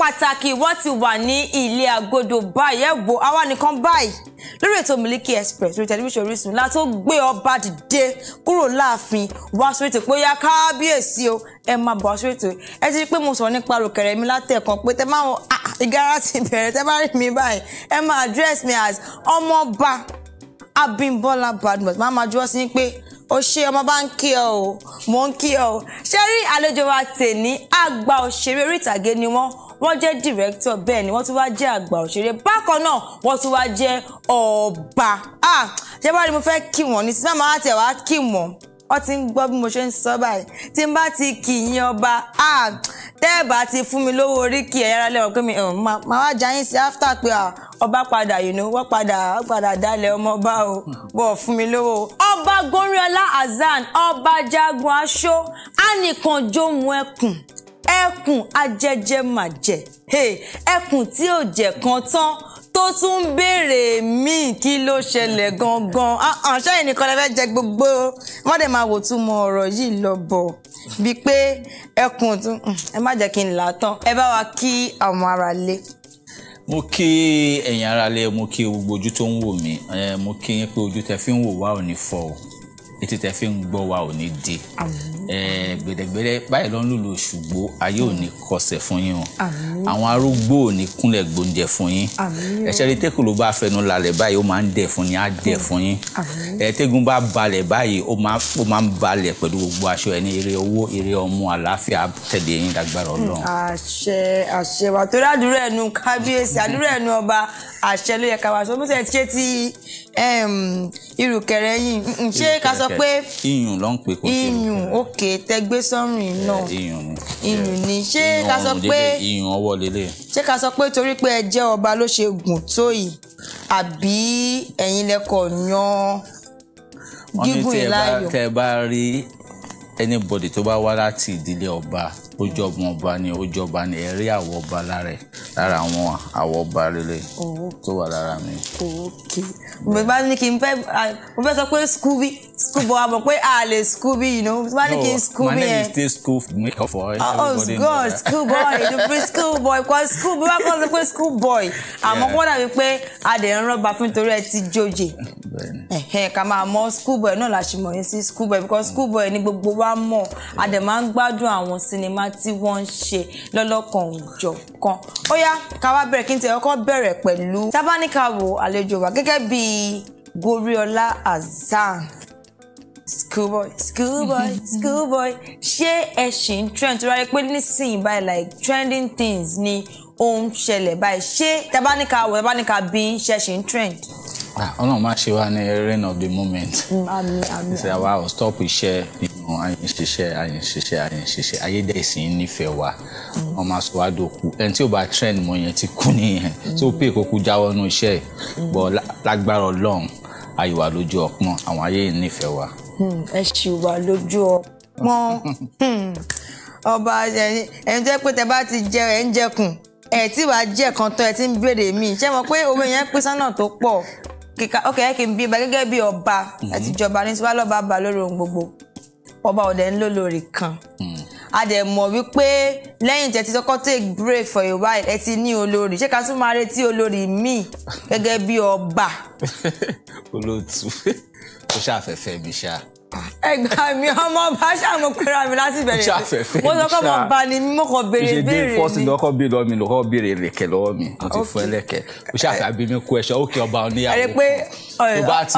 pàtàkì wọ́n ti wà ní ilé agodo báyìí ẹ wò àwa nìkan báyìí lórí ètò Miliki Express lórí tẹlifíṣàn Orísun la tó gbé ọba dìde kúrò láàfin wá sórí ètò pé ó yá kábíyèsí o ẹ máa bọ̀ sórí ètò ẹ ti rí pé mo sọ̀rọ̀ nípa ròkèrè mi látẹ̀kan pé tẹ máa wọ ìgárá ti bẹ̀rẹ̀ tẹ bá rí mi báyìí ẹ máa address me as ọmọọba Abímbọ́lá Badmus máa máa jọ́ sí pé ó ṣe ọmọ bá ń kí ọ o mò ń kí ọ o ṣe rí àlejò wa tè ní àgbà òṣèré orí ìtàgé ni wọ́n wọ́n jẹ́ director bẹ́ẹ̀ ni wọ́n tún wá jẹ́ àgbà òṣèré bákan náà wọ́n tún wá jẹ́ ọba ah, ṣé bá rí mo fẹ́ kí wọ́n ní sinamá àti ẹ̀wá kí wọ́n ọ ti ń gbọ́ bí mo ṣe ń sọ báyìí tí n bá ti kì í yan ọba ah, tẹ́ẹ̀bà ti fún mi lówó orí kì ẹ̀yára lẹ́wọ̀n pé mi máa hm, wá jayín sí after pé ah, ọba padà yìnyín wọ́n padà wọ́n padà dalẹ̀ ọmọọba o bọ̀ fún mi lówó. ọba goriola hasan ọba jagun aṣọ anìkànjọ mu ẹkùn ẹkùn ajẹjẹ màjẹ ẹkùn tí ò jẹ kan tán tó tún ń béèrè míì kí ló ṣẹlẹ̀ gangan àṣà ah, ah, yìí nìkan lè fẹ́ jẹ gbogbo wọ́n dẹ̀ máa wò túmọ̀ ọ̀rọ̀ yìí lọ bọ̀ bíi pé ẹkùn tún hmm, ẹ má jẹ́ kí n là á tán ẹ bá wa kí àwọn ará lé. mo kí ẹ̀yin ará lé mo kí gbogbo ojú tó ń wò mí mo kí yín pé ojú tẹ fi ń wò wá ò ní fọ́ o etí tẹ fi ń gbọ́ wa ò ní di gbèdégbèdé báyìí ló ń lùlù ṣùgbọ́n ayé ò ní kọsẹ̀ fún yín o àwọn arúgbó ò ní kúnlẹ̀ gbóúnjẹ fún yín ẹ̀ṣẹ̀ rí tẹ́kùn ló bá fẹnu lálẹ́ báyìí ó máa ń dẹ̀ fún yín á dẹ̀ fún yín ẹ̀ẹ́tẹ́gun bá balẹ̀ báyìí ó máa ń balẹ̀ pẹ̀lú gbogbo aṣọ ẹ̀ ní ire owó ire ọmọ àlàáfíà tẹ̀lé yín lágbára ọlọ́run. àṣẹ àṣẹ wà torí irùkẹ̀rẹ̀ yìí ṣé ká sọ pé iyùn ló ń pè kó ṣe iyùn òkè tẹgbẹ sọrùn náà iyùn ni ṣé ká sọ pé iyùn ọwọ́ lélẹ̀ ṣé ká sọ pé torí pé ẹ jẹ́ ọba ló ṣe gùn tó yìí àbí ẹ̀yin lẹ́kọ̀ọ́ yan gígùn ìláyò. wọ́n ní tẹ́ ẹ bá rí anybody tó bá wá láti ìdílé ọba ó jọba ọba ni ó jọba ni ẹ̀rí àwọ̀ ọba lára ẹ̀ lára àwọn àwọ̀ ọba rere oh. tó wà lára mi. mo bá ní kí n fẹ́ mo fẹ́ sọ pé skubi skubo a mọ̀ pé a lè skubi you know mo bá ní kí n skubi yẹn. my name is still school make up for everybody. oh god school boy you be school boy kò school bí wọ́n kọ́ sọ pé school boy àmọ́ kó dàbí pé a dẹ̀ ń rọ́bà fún nítorí ẹ ti jòjè ká máa mọ school boy náà la ṣe mọ̀ yín sí school boy because school boy ni gbogbo wa mọ̀ a dẹ̀ máa ń gbádùn àwọn sinimá nǹkan tí wọ́n ń ṣe lọ́lọ́kan òjọ̀kan ó yá ká wá bẹ̀rẹ̀ kí n tẹ̀ ọkọ́ bẹ̀rẹ̀ pẹ̀lú tábáníkàwò àlejò wa gẹ́gẹ́ bí Goriola Hassan schoolboy schoolboy schoolboy ṣé ẹ ṣì ń trend tó ráyé pé nísìnyí báyìí like trending things ni ó ń ṣẹlẹ̀ báyìí ṣé tábáníkà wọ tábáníkà bí ń ṣe ṣì ń trend. Ah, ọlọ́run máa ṣe wá ní rain of the moment. Mm, àmín àmín. ṣe àwa ò stop iṣẹ́ gan àyè ń ṣiṣẹ́ àyè ń ṣiṣẹ́ àyè ń ṣiṣẹ́ ayédèsí ń nífẹ̀ẹ́ wa wọ́n máa sọ wá dòkú ẹni tí ò bá trend mọ yẹn ti kú nìyẹn tó pè kókó jáwọ́ nù iṣẹ́ ẹ̀ bọ́ lágbára ọlọ́run ayé wa lójú ọpọ́n àwọn ayé yìí nífẹ̀ẹ́ wa. Hmm, ẹ ṣì wà lójú ọpọ́n hmm. ọba ẹni tó pé tẹ bá ti jẹ ẹ ń jẹkùn ẹ tí wàá jẹ kan tán ẹ ti ń béèrè mí ṣé mo pé omi yẹn pín sánà tó pọ̀ kíka ó kí n bí ba gẹ́gẹ́ bí ọba àtijọba ní tiwa lọ́ba bá gbogbo ọba ọ̀dẹ̀ ń lò lórí kan hmm. a dẹ̀ mọ̀ wípé lẹ́yìn tẹ̀ ti kọ́kọ́ take break for a while ẹ ti ní olórí ṣé ká tún máa retí olórí míì gẹ́gẹ́ bí ọba. olóòtú ó ṣàfẹ́fẹ́ mi ṣá. ẹgbà mi ọmọ ọba ṣàmù pera mi láti bẹ̀rẹ̀ mi mo sọ pé mo bá ní mímú kan béèrè béèrè mi. fọ́sì lọ́kọ́ bí lọ́ọ́ mi lọ́kọ́ béèrè lẹ̀kẹ̀ lọ́wọ́ mi mo ti fún ẹlẹ́kẹ̀ ó ṣàfàbí mi kú ẹ̀ṣọ́ òkè ọba oníyàwó. ẹ rí i pé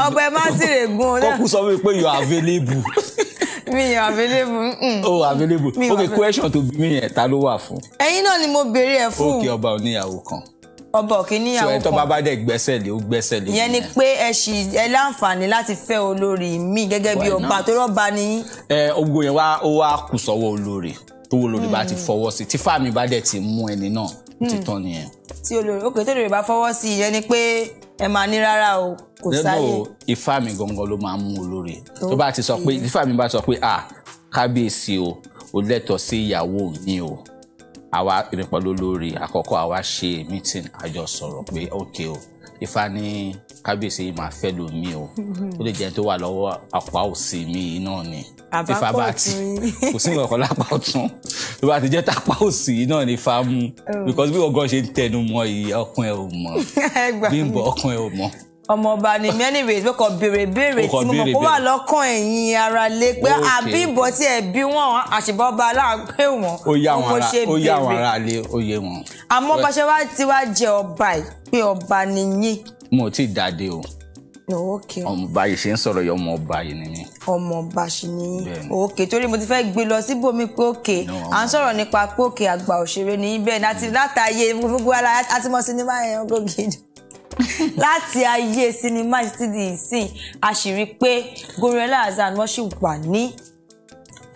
ọba ẹ má sì rè gún un. kọ́kú sọ wípé you are available. mi yàn available. Mm. oh available mi ok question to bí mi yẹn ta ló wà fún. ẹ̀yin náà ni mo béèrè ẹ fún. ok ọba oníyàwó kan ọba òkè níyàwó kan so ẹ tó bá bá dẹ gbẹ́sẹ̀ lé ó gbẹ́sẹ̀ lé. ìyẹn ni pé ẹ ṣì ẹ láǹfààní láti fẹ́ olórí mi gẹ́gẹ́ bí ọba tó rọba ní. ẹ ogun yẹn wá ó wá kù sọ́wọ́ olórí tó wo olórí bá ti hmm. fọwọ́ sí tí fáàmì bá dẹ ti mú ẹni náà ti hmm. tán nìyẹn. tí olórí òkè tó lórí bá fọwọ́ sí ìyẹn ni pé ẹ máa ní rárá o kò sáyè. nínú ifá mi gangan ló máa ń mú olórí tó bá ti sọ pé ifá mi bá sọ pé ah kábíyèsí o ò lẹ́tọ̀ọ́ sí ìyàwó mi o àwa ìrìn pẹ̀lú olórí àkọ́kọ́ àwa ṣe meeting àjọ sọ̀rọ̀ pé ok o ifá ní kábíyèsí yìí máa fẹ́ lomi o ó lè jẹ́ tó wà lọ́wọ́ àpá òsì mi náà ni ifá bá ti kò sí nǹkan lápá ọ̀tún ló bá ti jẹ́ tapá òsì náà ní fámú oh. because bí ọgọ́ ṣe ń tẹnu mọ́ yìí ọkùn ẹ ò mọ̀ Bímbọ́ ọkùn ẹ ò mọ̀. ọmọọba ni many ways mo kàn béèrè béèrè tí mo mọ̀ kó wà lọ́kàn ẹ̀yin ara lé pé àbíbọ̀ ah, tí ẹ bí wọ́n àṣìbọ́ba aláàgbé wọn mo ṣe béèrè. ó yá àwọn ará lé oyè wọn. àmọ́ bá ṣe wá ti wá jẹ ọba yìí pé ọba ni yín. mo ti dàdé o. Oh, ok ọmọọba yìí ṣe ń sọ̀rọ̀ yìí ọmọọba yìí ni mí. ọmọọba ṣì ni ok torí mo ti fẹ́ gbé lọ sí bomi pókè à ń sọ̀rọ̀ nípa pókè àgbà òṣèré ní ibẹ̀ láti mm. látàyè gbogbo ara àti mọ́ sinimá yẹn gògìdì láti ayé sinimá títí di ìsìn a sì rí i pé Goriola Hassan wọ́n sì wà ní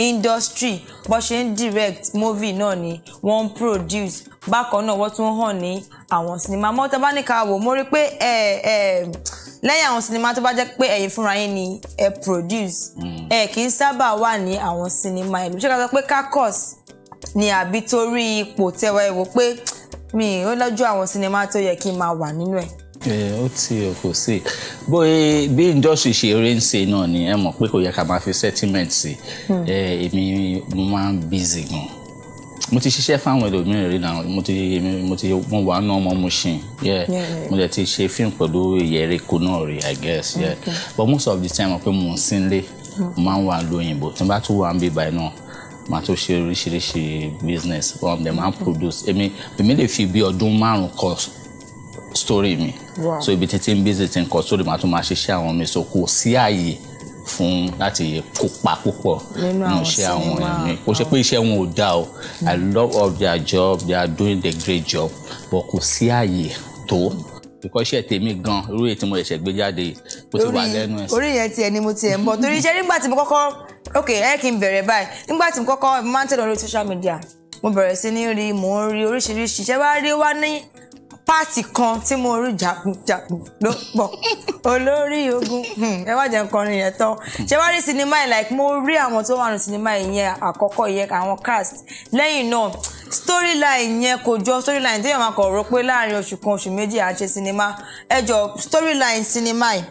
industry bó ṣe ń direct movie náà ni wọ́n ń produce bákan náà wọ́n tún hàn ní àwọn sinimá mọ́tàbáníkà wò mo rí pé ẹ eh, ẹ eh, lẹ́yìn àwọn sinimá tó bá jẹ́ pé ẹ̀yin fúnra yín ni ẹ produce hmm. ẹ kì í sábà wà ní àwọn sinimá ìlú ṣé ká sọ pé kakos ni àbí torí ipò tẹwa ẹ wò pé mi ò lọ́jọ́ àwọn sinimá tó yẹ kí n máa wà nínú ẹ̀ ó ti kò sí bóyá e, bí industry ṣe eré ń ṣe náà ni ẹ mọ̀ pé kò yẹ ká máa fi sentiment sí hmm. èmi mo máa ń busy gan mo ti ṣiṣẹ́ fáwọn ẹlòmíràn rí náà mo ti mo ti mo wà náà mo mu ṣìn yeah mo dẹ̀ ti ṣe fíìmù pẹ̀lú ìyẹ̀rẹ̀kọ náà rí i guess yeah but most of the time mo pe mo ń sínlé mm. mo máa ń wà lóyìnbó tí n bá tún wà ń bí báyìí náà màá tó ṣe oríṣiríṣi business from dem and produce èmi èmi lè fi bí ọdún márùn kọ story mi so ibi títí ń busy ti ń kọ story màá tún máa ṣiṣẹ́ àwọn mi so kò sí àyè fún láti kópa púpọ̀ nínú iṣẹ́ àwọn ẹ̀mí kò ṣe pé iṣẹ́ wọn ò dá o I love all their job they are doing the great job but kò sí àyè tó ìkọ́ iṣẹ́ tèmi gan irú èyí tí mo ṣẹ̀ṣẹ̀ gbé jáde kó ti wà lẹ́nu ẹ̀sìn. orí yẹn tiẹ̀ ni mo tiẹ̀ ń bọ̀ torí iṣẹ́ nígbà tí mo kọ́kọ́ ok ẹ kí n bẹ̀rẹ̀ báyìí nígbà tí mo kọ́kọ́ mo máa ń tẹ̀lé orí social media mo bẹ̀rẹ̀ sí ní rí mò ń rí oríṣiríṣi iṣẹ́ wá rí wá ní páàtì kan tí mo rí jagunjagun ló pọ̀ olórí ogun hmm, ẹ wá jẹ́ nkọrin yẹn tán ṣé wá rí sinimá yìí like mo rí àwọn tó wà ní sinimá yìí yẹn àkọ́kọ́ yẹn àwọn cast lẹ́yìn náà storyline yẹn kò jọ storyline téèyàn máa kọ̀ rò pé láàrin oṣù kan oṣù méjì à ń ṣe sinimá ẹ jọ storyline sinimá yìí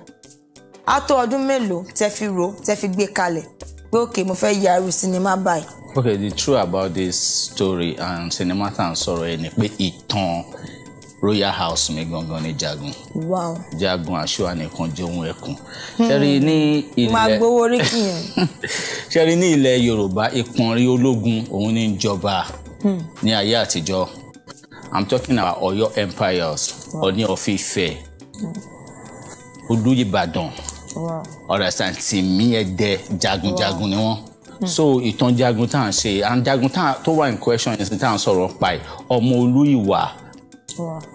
á tó ọdún mélòó tẹ́ fi rò tẹ́ fi gbé kalẹ̀ pé òkè mo fẹ́ ya irú sinimá báyìí. okay the truth about this story and cinema tan sọ̀rọ̀ yẹn ni pé ìtàn royal house mi gangan ni jagun wow. jagun aṣọ ànìkan jẹun ẹkùn hmm. ṣẹrí ní ilẹ̀ máa gbowó orí kìyàn ṣẹrí ní ilẹ̀ yorùbá ìpọnrin ológun òun ní jọba hmm. ní ayé àtijọ́ i'm talking about Ọ̀yọ́ empires Ọọ̀ni of Ifẹ̀ hmm. Olúyìbàdàn ọ̀rẹ́sàn Tìmì Ẹdẹ jagunjagun ni wọ́n. so ìtàn jagun tá à ń ṣe and jagun tó wà in question yẹn sí tá à ń sọ̀rọ̀ pa ẹ̀ ọmọ olú ìwà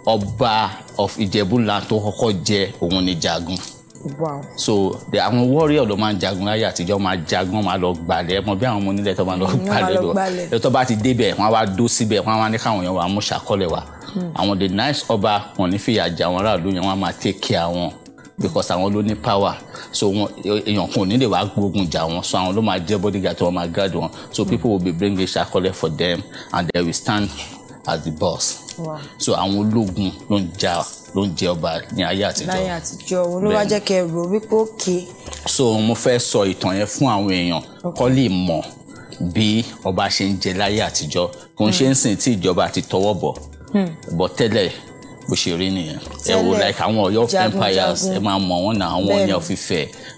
ọba of Ìjẹ̀bú-Nlá tó kọ́kọ́ jẹ òun ni jagun. Wow. so àwọn warrior ló máa ń jagun láyé àtijọ́ máa jagun máa lọ gbalẹ̀ mọ bí àwọn ọmọ onílẹ̀ tó máa lọ gbalẹ̀ lọ lọ́tọ́ bá ti débẹ̀ wọ́n á wá dó síbẹ̀ wọ́n á wá ní káwọn èèyàn wà mú ṣàkọlẹ̀ wa hmm. àwọn the nice ọba wọn ní fìyà jẹ àwọn aráàlú yẹn wọ́n á máa take care wọn because àwọn ló ní power so wọn èèyàn kan ò ní lè gbógun jà wọn so àwọn ló máa jẹ́ bodyguard wọn máa guard wọn so hmm. people will be bringing ṣàkọlẹ̀ for them and they will stand as the boss so àwọn ológun ló ń jà ló ń jẹ ọba ní ayé àtijọ́. láyé àtijọ́ wo ló wá jẹ́ kẹ́ ẹ wípé ó ké. so mo fẹ́ sọ ìtàn yẹn fún àwọn èèyàn kó lè mọ̀ bí ọba ṣe ń jẹ láyé àtijọ́ kò ń hmm. ṣe ń sìn tí ìjọba ti tọwọ́ bọ̀ hmm. bọ̀ tẹ́lẹ̀ bó nìyẹn ẹ wo like àwọn Ọ̀yọ́ empires ẹ máa mọ̀ wọ́n náà àwọn Ọ̀yàn of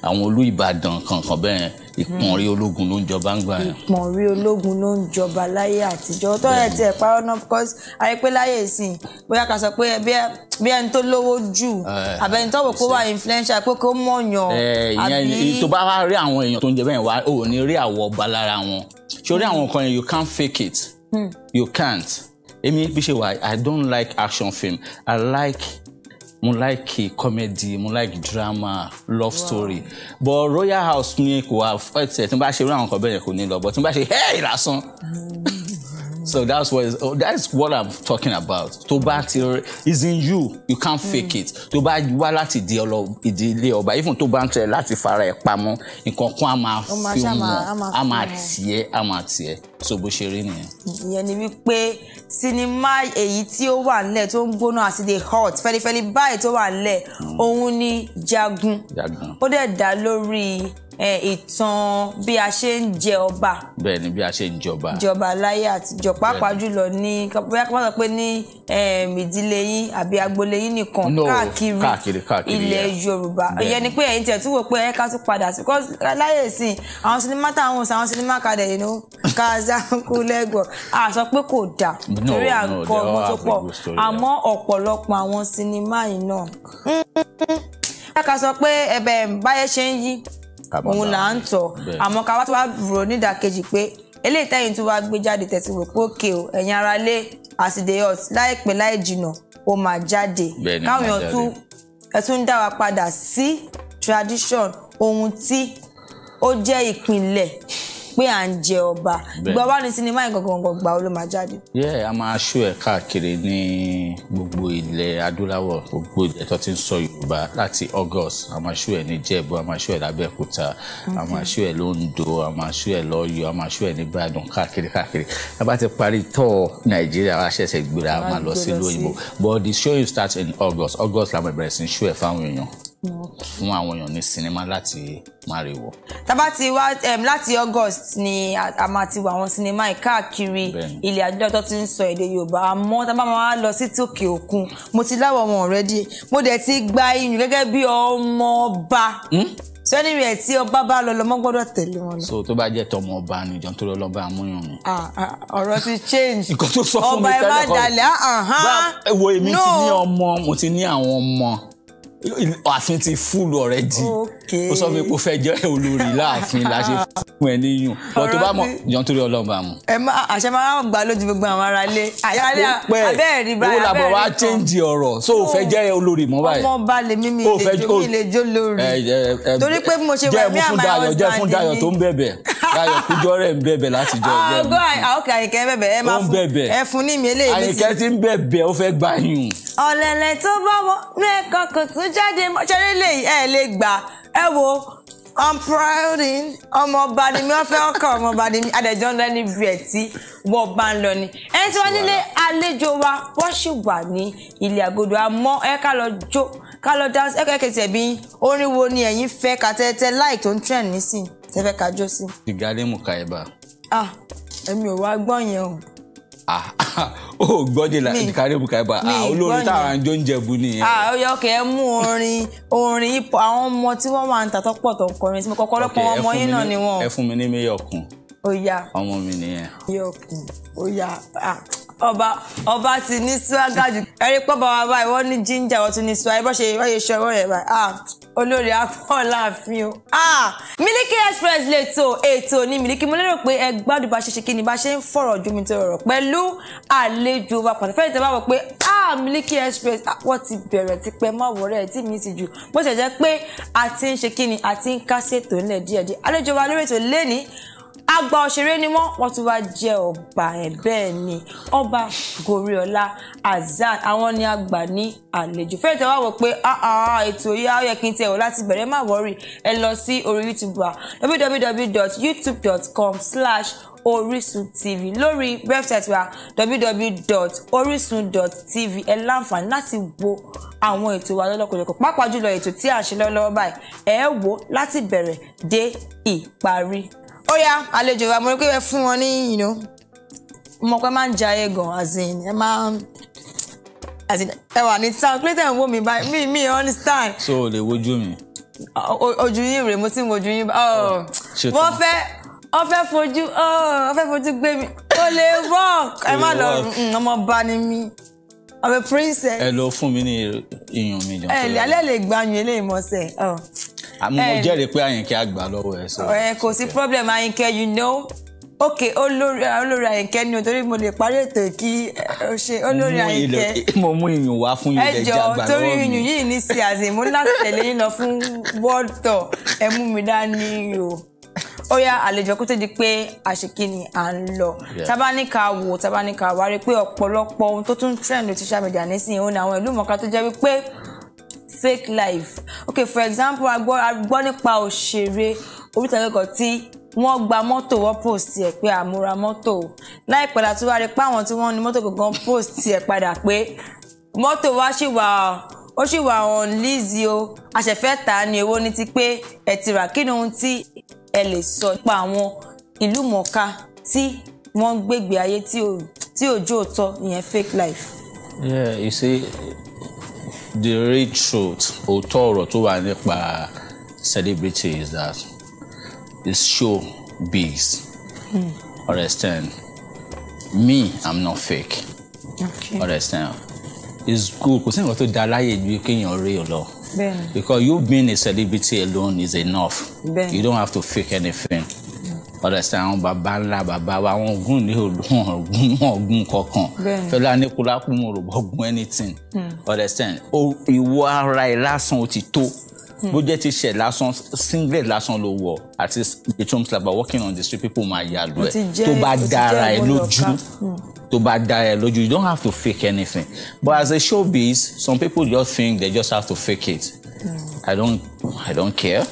àwọn olú Ìbàdàn kankan bẹ́ẹ̀ ìpọ̀nrí hmm. ológun ló ń jọba ń gbà yẹn. ìpọ̀nrí ológun ló ń jọba láyé àtijọ́ tó yẹ tiẹ̀ parọ́ náà because ayé pé láyé ìsìn bóyá ká sọ pé bí ẹni tó lówó jù eh, àbẹ̀ni tó wò pé wà influential pé kó mọ̀yàn. Eh, ìyẹn tó bá wá rí àwọn èèyàn tó ń jẹ bẹ́ẹ̀ wá ò ní rí àwọ̀ ọba lára wọn sórí àwọn kan yẹn you can't fake it hmm. you can't èmi bí ṣe wà i don't like action film i like mo like comedy mo like drama love wow. story but royal house mi kò wá ẹ̀ tí n bá ṣe irú àwọn nǹkan bẹ́ẹ̀ yẹn kò ní lọ but tí n bá ṣe hey lásán. Mm. So that's what oh, that's what I'm talking about. Tó bá ti is in you, you can't fake it. Tó bá wá láti ìdílé ọba, even tó bá ń tẹ̀ láti fara ẹ̀ pamọ́, nǹkan kan á máa fi wọn, á máa tiẹ̀, á máa tiẹ̀. So bó ṣe rí nìyẹn. Ìyẹn ni wípé sinimá èyí tí ó wà nílẹ̀ tó ń gbóná àti the hot fẹlifẹli báyìí tó wà nílẹ̀ hmm. òun ni jagun. Jagun. Ó dẹ̀ dá lórí ìtàn bí a ṣe ń jẹ ọba. bẹ́ẹ̀ ni bí a ṣe ń jọba. jọba láyé àtijọ́ pàápàá jùlọ ní bóyá kí wọ́n sọ pé ní ìdílé yín àbí agboolé yín nìkan káàkiri ilẹ̀ Yorùbá ìyẹn ni pé ẹ̀yin tẹ̀ tún wò pé ẹ ká tún padà sí kọ́ láyé sí àwọn sinimá táwọn sàn àwọn sinimá kadẹ̀ yìí ni ó kaza kú lẹ́gọ̀ọ́ a sọ pé kò dà torí à ń kọ́ ọmọ tó pọ̀ àmọ́ ọ̀pọ̀lọpọ̀ àwọn sinimá yìí náà. ká sọ pé ẹ̀bẹ̀ báyé ṣe ń yí òun là ń tọ̀ àmọ́ ká wá tó wá rò nídàkejì pé eléyìí tẹ́yìn tó wá gbé jáde tẹ̀sí rò pé òkè o ẹ̀yin ara lé àsìdè hot láìpẹ́ láì jìnà ó máa jáde káwọn èèyàn tún ẹ dá wa padà sí tradition ohun tí ó jẹ́ ìpìlẹ̀ pé à ń jẹ ọba ìgbà wà ní sinimá ìgangan gbà ó ló máa jáde. yẹ a máa ṣó ẹ káàkiri ní gbogbo ilẹ̀ adúláwọ̀ gbogbo ilẹ̀ tó ti ń sọ yorùbá láti august a máa ṣó ẹ ní jẹ̀bú a máa ṣó ẹ lábẹ́òkúta a máa ṣó ẹ lóńdó a máa ṣó ẹ lọ́yọ̀ a máa ṣó ẹ nìbàdàn káàkiri káàkiri a bá ti parí tọ́ nàìjíríà a ṣẹ̀ṣẹ̀ gbéra a máa lọ sí lóyìnbó but the show starts in august august la máa bẹ̀rẹ̀ sí ṣó ẹ fáwọn èèyàn fún àwọn èèyàn ní sinimá láti máa rí wò. tábà ti wá láti August ni a máa ti wà àwọn sinimá yìí káàkiri ilẹ̀ adúlọ̀ tó ti ń sọ èdè Yorùbá àmọ́ tábà máa lọ sí tòkè òkun mo ti láwọn ọmọ rẹ díẹ̀ mo dẹ̀ ti gba iyùn gẹ́gẹ́ bí ọmọ ọba hmm? sẹ́ni rẹ̀ tí ọba bá lọ lọ́mọ gbọ́dọ̀ tẹ̀lé wọn lọ. so tó bá jẹ́ tọmọ ọba ni ìjọ tó lọ lọ́ba amúyàn mi. Ah, ah, ọ̀rọ̀ ti change. nǹkan tó sọ fún mi tẹ́lẹ̀ kọ́ ọba ẹ̀ má dalẹ̀. Ah, bá èmi ti ní ọmọ mo ti ní àwọn ọmọ ààfin ti full already. ok ó sọ fún mi pé ó fẹ́ jẹ́ olórí láàfin la ṣe fún ẹ níyùn bọ́ tó bá mọ̀ jọ̀ọ́ torí ọlọ́run bá mu. ẹ má àṣẹ máa ń gbà lójú gbogbo àwọn ará ilé àyàlẹ́ abẹ́ẹ̀ rí báyìí abẹ́ẹ̀ kan. owó làbọ̀ wá change ọ̀rọ̀ so ò fẹ́ jẹ́ olórí mọ́ báyìí. ọmọ ba lèmi mi lè jó lórí torí pé mo ṣe wẹ̀ mí àmà ọ̀sán jẹ́ fún Dayọ̀ tó ń bẹ̀bẹ̀ Dayọ̀ kújọ́ rẹ̀ ń bẹ̀bẹ̀ láti jọ ìjẹ́ mi. ọgọ́ àyìnkẹ́ bẹ̀bẹ̀ ẹ máa fún ẹ fún ní mi eléyìí. àyìnkẹ́ ti ń bẹ̀bẹ̀ ó fẹ́ gbà yùn. ọ̀lẹ̀lẹ̀ tó ẹ wo i'm proud in ọmọọba ni mi wọ́n fẹ́ ọkọ ọmọọba ni mi adẹjọ ń lẹni bí ẹ tí wọ́n bá ń lọ ni ẹni tí wọ́n nílé àlejò wa wọ́n sì wà ní ilé àgọ́dọ̀ àmọ́ ẹ ká lọ jó ká lọ dance ẹ kẹkẹ tẹbi orin wo ni ẹ̀yin fẹ́ ká tẹtẹ láì tó ń trend nísìn tẹfẹ ká jó sí. ìgálé mú ka ẹ ah èmi ò wá gbọ́ yẹn o ó gbọ́dé láti bukaiba olórin táwọn àjọ ń jẹ̀bù nìyẹn. ọyọ ah, ọkẹ ẹ mú orin orin ipò àwọn ọmọ tí wọn máa ń tà tó pọ̀ tó ń kọrin tí mo kọ́kọ́ lọ́pọ̀ ọmọ yín náà ni wọn. ẹ fún mi ní méyọkùn. ó yá ọmọ mi nìyẹn. méyọkùn ó yá ọba ọba ti ní swagger jù ẹrí pọ́ bàbá báyìí wọ́n ní ginger wọ́n tún ní swagger bó ṣe wọ́n ṣọ́ ìwọ́n yẹn báyìí ah, olórí afọláàfin o. Ah! Miliki Express lẹ́tọ̀ ètò ní Miliki mo lérò pé ẹ gbádùn bá ṣe ṣe kí ni bá ṣe ń fọ̀rọ̀ ju mi tó rọrọ̀ pẹ̀lú àlejò wa pàtàkì fẹ́ẹ́ tẹ́ bá wọ pé ah, Miliki Express ah, wọ́n ti bẹ̀rẹ̀ tipẹ́ má wọ̀rẹ́ ẹ̀ tí mi ti jù bó ṣe jẹ́ pé a ti ń ṣe kí ni a ti ń kásẹ̀ tó ńlẹ̀ díẹ̀díẹ̀ àlejò wa lórí ètò lẹ́ni àgbà òṣèré ni wọ́n wọ́n tún wá jẹ́ ọba ẹ̀ bẹ́ẹ̀ ni ọba goriola Hassan àwọn ni a gbà ní àlejò fẹ́ẹ̀ tẹ́ wá wò pé ah, ah, ètò yìí á yẹ kí n tẹ̀ láti bẹ̀rẹ̀ má wọ́rì ẹ lọ sí orí youtube wa www.youtube.com slash Orísun TV lórí wẹ́bsáìtì wa www.orisun.tv ẹ láǹfààní láti wo àwọn ètò wa lọ́lọ́kọ̀ọ́lọ́kọ̀ pàápàá jùlọ ètò tí à ń ṣe lọ́wọ́lọ́wọ́ báyìí ẹ wò láti bẹ̀rẹ̀ dé ìparí ó yá àlejò wa mo rí pé ẹ fún wọn ní ìnú mo pẹ́ máa ń jayé gan azin ẹ máa ń azin ẹ wà ní town pé tẹ̀ ń wò mí báyìí mi mi understand. so o lè wojú mi. ojú yín rèé mo ti ń wojú yín báyìí oh, wọ́n fẹ́ wọ́n fẹ́ fojú oh, wọ́n fẹ́ fojú gbé mi o lè work ẹ má lọ mm, ọmọ bá ni mí ọmọ princess. ẹ lọ fún mi ní iyùn mi jọ. ẹ lálẹ́ lè gbàyàn eléyìí mọ́sẹ̀. Oh mo eh, jẹ́rìí pé àyìnkẹ́ àgbà lọ́wọ́ ẹ sọ. ẹ eh, kò sí problem àyìnkẹ́ you know okay olórí olórí àyìnkẹ́ ni torí mo lè parí ètò kí eh, o ṣe olórí àyìnkẹ́. mo mú iyùn wá fún yín lẹ́jà àgbà lọ́wọ́ mi. ẹ torí iyùn yìí ní sí àzìmú láti tẹ̀lé yín lọ fún world tour ẹ mú mi dání o ó yá àlejò kó tó di pé àṣekí ni à ń lọ tábáníkà wò tábáníkà wá rí pé ọ̀pọ̀lọpọ̀ ohun tó tún trend lórí social media nísìnyí òun àwọn ìlú mọ̀ọ́ká tó jẹ́ wípé fake life okay for example a gbọ́ nípa òṣèré orítẹ̀lẹ́kọ̀ọ́ tí wọ́n gba mọ́tò wọ́n post ẹ̀ pé àmúra mọ́tò láìpẹ́ la tún wá rí pé àwọn tí wọ́n ní mọ́tò gangan post ẹ̀ padà pé mọ́tò wa ṣì wà ó ṣì wà on lease o àṣẹfẹ́ ta ni owó ní ti pé ẹ ti rà kí ni ohun tí ẹ lè sọ nípa àwọn ìlú mọ̀ọ́ká tí wọ́n ń ayé tí òjò òótọ́ ìyẹn fake life. yeah you see the real truth òótọ́ ọ̀rọ̀ tó wà nípa celebrity is that it's showbiz mm. understand me i'm not fake okay. understand it's good kò sí nǹkan tó da láyé ju kéèyàn rí ọ lọ because you being a celebrity alone is enough ben. you don't have to fake anything ọ̀rẹ́sẹ̀ àwọn bàbá ńlá bàbá wa wọn gún ní olùwọ̀n ọ̀gùn wọn ọ̀gùn kankan fẹlẹ́ aníkúlákú mo rò bọ́gùn anything ọ̀rẹ́sẹ̀ hmm. ìwọ ara ẹ̀ lásán ó ti tó hmm. bó jẹ́ ti ṣẹ̀ lásán singlet lásán ló wọ̀ àti the trump slapper walking on the street people máa yà lọ ẹ̀ tó bá dára ẹ̀ lójú tó bá dára ẹ̀ lójú you don't have to fake anything but as a showbiz some people just think they just have to fake it mm. I don't I don't care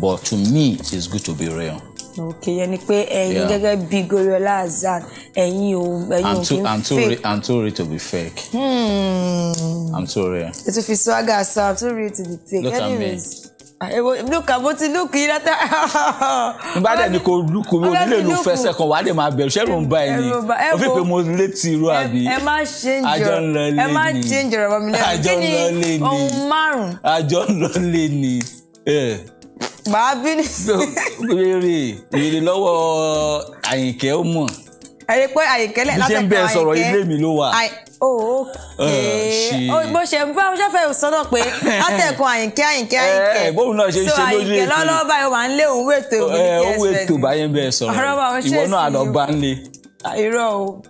but to me it's good to be real ok yẹn ni pé ẹ̀yin gẹ́gẹ́ bí Goriola Hassan ẹ̀yin o ẹ̀yin ò kí fake i'm too ready to be fake. Hmm. i'm too real. ètò fi swagger so i'm too ready to be fake. look Anyways. at me ah, lùkà bó ti Look, yìí látà. nígbà dẹ̀ ni kò Look, mi ò nílè lu fẹsẹ̀ kan wàá lè máa bẹ̀rù ṣẹ́rù ń bá ẹ ni o fi pe mo létí irú àbí àjọ ń lọ lé ni ẹ má ṣe ń jọrọ bọ mi lẹ́nu kí ni ohun márùn àjọ ń lọ lé ni màá bínú. rere rere lọ́wọ́ àyìnkẹ́ ó mọ̀. ẹ rí i pé àyìnkẹ́ lẹ̀ látẹ̀kọ̀ àyìnkẹ́. bí ń bẹ sọ̀rọ̀ ilé mi ló wà. ókè oh, bó ah, oh, ṣe ń bá ọjọ́ fẹ́ sọ náà pé látẹ̀kọ̀ àyìnkẹ́ eh, àyìnkẹ́ bóun náà ṣe ń ṣe lójú ètò. àyìnkẹ́ lọ́lọ́ báyọ̀ máa ń lé òun ètò ìbílẹ̀ eh, ẹ̀sẹ̀. òun ètò báyẹn bẹ́ẹ̀ sọ̀rọ̀ ìwọ náà lọ bá ń le. Ah, irọ́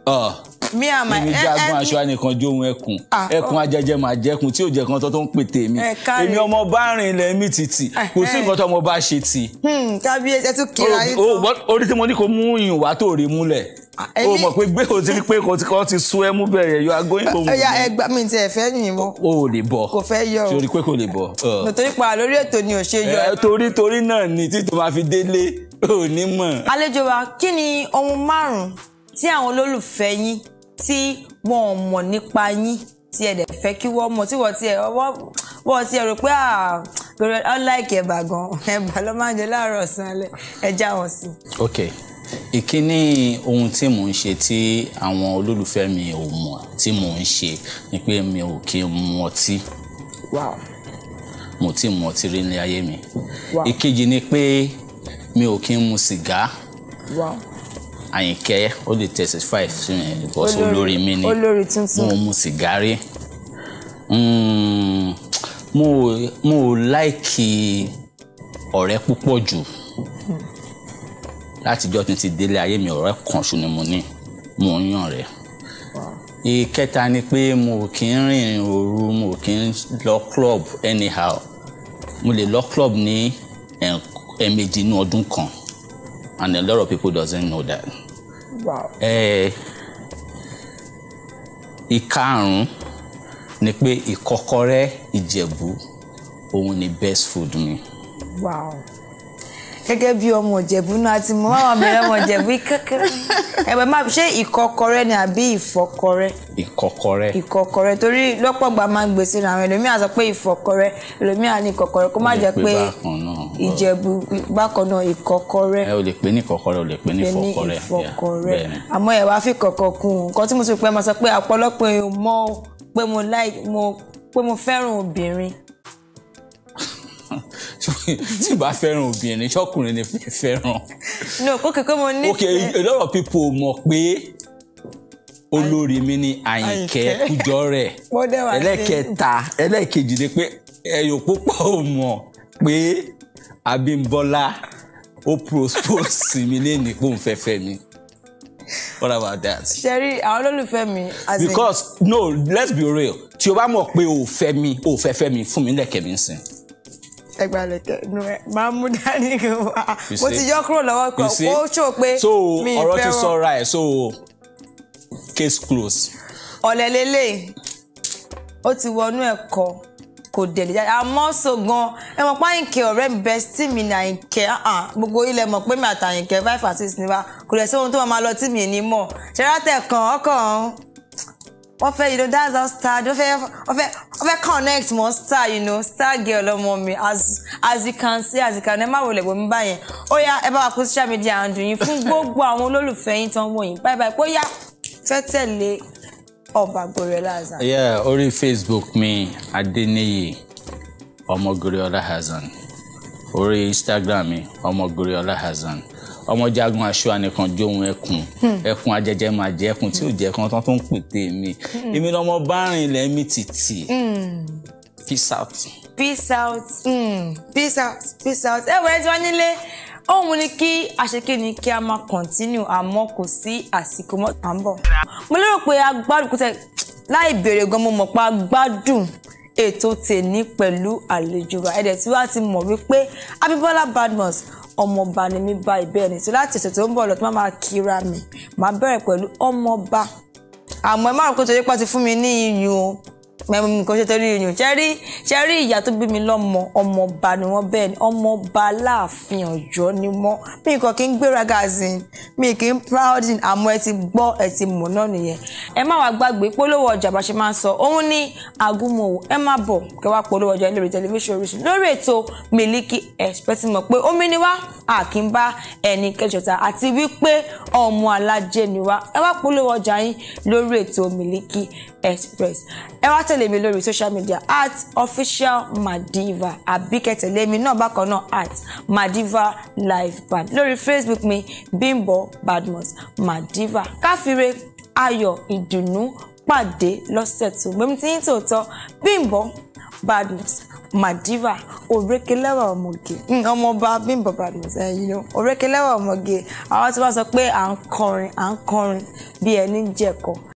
o. mi àmà ẹ ẹ mi jagun eh, aṣọ anìkan jó ohun ẹkùn ah, oh. ẹkùn ajẹjẹ máa jẹkùn tí ò jẹ kan tó tó ń pètè mi eh, èmi ọmọ bá rìn ilẹ̀ mi tìtì eh, kò sí nǹkan tó ọmọ bá ṣe tì. Hmm, kábíyèsí ẹ tún kíra yín tán. orí tí mo ní kò mú ìyìn wá tó rí múlẹ̀ ah, o mọ̀ pé gbé o ti rí pé kò ti kọ́ ti sún ẹ mú bẹ̀rẹ̀ yọ agóyìn kò mú mi. ẹyà ẹgbà mi ti ẹ fẹ́ yìn mọ́. o ò lè bọ̀ kò fẹ́ yọ o torí pé kò lè bọ̀. nítorí pa lórí ètò ni ò ṣe yọ. ẹ torí torí náà ni títí tó máa fi délé ò ní mọ̀. àlejò wa kí ni ohun márùn-ún tí àwọn olólùfẹ́ yín tí wọ́n mọ̀ nípa yín tí ẹ dẹ̀ fẹ́ kí wọ́n mọ̀ tí wọ́n ti ẹ̀ wọ́n ti ẹ̀ rò pé àgbẹ̀rẹ̀ ah, ọ̀láìkì ẹ̀bà gan ẹ̀bà ló máa ń jẹ láàárọ̀ ọ̀sán alẹ́ ẹja wọn sí. ok ìkíní ohun tí mò ń ṣe tí àwọn olólùfẹ́ mi ò mọ̀ tí mò ń ṣe ni pé mi ò kí ń mu ọtí. wow mo ti mu ọtí rí ní ayé mi. ìkejì ni pé mi ò kí ń mu sìgá àyìnkẹ́ ó lè testify sínú ẹ̀ because olórí mi ni mo mu sìgárì mo mo láìkì hmm, ọ̀rẹ́ púpọ̀ jù látijọ́ tí n ti délé ayé mi ọ̀rẹ́ kan ṣu ni mo ní mo ń yàn rẹ̀ ìkẹta ni pé mo kì í rìnrìn òru mo kì í lọ club anyhow mo lè lọ club ní ẹ̀ẹ̀mejì inú ọdún kan and a lot of people doesn't know that ìkarùn-ún ni pé ìkọ́kọrẹ́ ìjẹ̀bú òun ni best food mi. Wow gẹ́gẹ́ bí ọmọ Ìjẹ̀bú náà àti mọ àwọn àmì ọmọ Ìjẹ̀bú kékeré ẹ̀wẹ̀ máa ṣe ìkọkọrẹ́ ni àbí ìfọkọrẹ́. ìkọkọrẹ́. ìkọkọrẹ́ torí lọ́pọ̀ gbà máa ń gbé sínú àwọn ẹlòmíà sọ pé ìfọkọrẹ́ ẹlòmíà ní ìkọkọrẹ́ kó má jẹ́ pé Ìjẹ̀bú bákan náà ìkọkọrẹ́. ẹ o lè pè ní ìkọkọrẹ́ o lè pè ní ìfọkọrẹ́ àmọ́ ẹ wá fi kọ̀kọ̀ kún un nǹkan tí mo sì pẹ́ máa sọ pé àpọ̀lọpọ̀ èèyàn mọ̀ pé mo fẹ́ràn obìnrin tí bá fẹ́ràn obìnrin ṣọ́kùnrin ni fẹ́ràn. no kó mo ní. okay a lot of people mọ̀ pé olórí mi ni àyìnkẹ́ kújọ́rẹ̀ ẹlẹ́kẹta ẹlẹ́kejì ni pé ẹ̀yọ̀ púpọ̀ ò mọ̀ pé Abímbọ́lá ó propose mi lẹ́ni kó n fẹ́ mi what about that. ṣeré àwọn olólùfẹ́ mi. because no let's be real tí o bá mọ̀ pé o fẹ́ mi o fẹ́ fẹ́ mi fún mi lẹ́kẹ̀ẹ́ mi sìn ẹgbàlẹ̀kẹ̀ nu ẹ̀ máa mú dání gan wa mo ti yọ kúrò lọ́wọ́ kan ó ṣó pé mi ìfẹ́ wọn. so ọ̀rọ̀ ti sọra ẹ̀ so case close. ọ̀lẹ̀ lélẹ̀ ó ti wọnú ẹ̀kọ́ kò dẹ̀ lè jáde àmọ́ so gan ẹ mọ̀ pé àyìnkẹ́ ọ̀rẹ́ mi bẹ́ẹ̀ tí mi ní àyìnkẹ́ ah, ah, gbogbo ilẹ̀ mọ̀ pé mi àtàyìnkẹ́ five and six ni wa kò lè sí ohun tó máa lọ tí mi ní mọ̀ ṣẹ́rátẹ̀ kan ọkàn wọ́n fẹ́ you know that's how star wọ́n fẹ́ wọ́n fẹ́ wọ́n fẹ́ connect mọ́ star you know star girl ọmọ mi as as you can see as you can ẹ má wọlé bomi báyẹn ó yá ẹ bá wa kó social media and yín fún gbogbo àwọn olólùfẹ́ yín tán wò yín bye bye ó yá fẹ́ tẹ̀lé ọba Goriola Hassan. yeah orí Facebook mi Adeniyi ọmọ Goriola Hasan. orí Instagram mi ọmọ Goriola Hasan ọmọ aṣọ ànìkànjọ ohun ẹkùn hmm. ẹkùn ajẹjẹ máa jẹ ẹkùn tí ò jẹ kan tán tó ń pètè mi hmm. èmi lọmọ bárìn ilẹ̀ mi tìtì hmm. peace out. peace out peace out peace out ẹ wọ ẹ tí wọn nílé òun ni kí àṣekí ni kí a máa continue àmọ́ kò sí àsìkò mọ́ à ń bọ̀. mo lérò pé a kúta láì béèrè gan mo mọ̀ pé a ètò tèmi pẹ̀lú àlejò wa ẹ̀dẹ̀ tí wàá ti mọ̀ wípé Abímbọ́lá Badmus ọmọọba ni mí báyìí bẹ́ẹ̀ ni tí láti ẹ̀sẹ̀ tó ń bọ̀ lọ tó má máa kíra mi màá bẹ̀rẹ̀ pẹ̀lú ọmọọba àmọ́ ẹ má rò pé torí pa ti fún mi ní iyùn o nǹkan ṣe torí yìnyín ṣẹ́rí ṣẹ́rí ìyá tó bí mi lọ́mọ ọmọọba ni wọ́n bẹ́ẹ̀ ni ọmọọba láàfin ọ̀yọ́ ni wọ́n mi kàn kí n gbéraga zin mi kì í proudin àmọ́ ẹ ti gbọ́ ẹ ti mọ̀ náà nìyẹn ẹ má wàá gbàgbé polówó ọjà bá ṣe máa ń sọ òun ní agúnmọ̀wò ẹ má bọ̀ kẹ wá polówó ọjà lórí tẹlifíṣàn Orísun lórí ètò Miliki Express mọ̀ pé omi ni wá a kì í bá ẹni kẹjọta àti wípé ọmọ alájẹ ni wá ẹ wá polówó ọjà yín lórí ètò Miliki express ẹ wá tẹ̀lé mi lórí social media at official madiva àbí kẹtẹ̀lé mi náà bákan náà at madiva live band lórí facebook mi bimbo badmus madiva káfíre ayọ̀ ìdùnnú pàdé lọ́sẹ̀ tó gbẹ̀mí tí yín tòótọ́ bimbo badmus madiva òrékelẹ́wà ọmọge hmm, ọmọọba bimbo badmus ẹ yìí òrékelẹ́wà ọmọge àwọn tí wọ́n sọ pé à ń kọrin à ń kọrin bí ẹni jẹ̀kọ.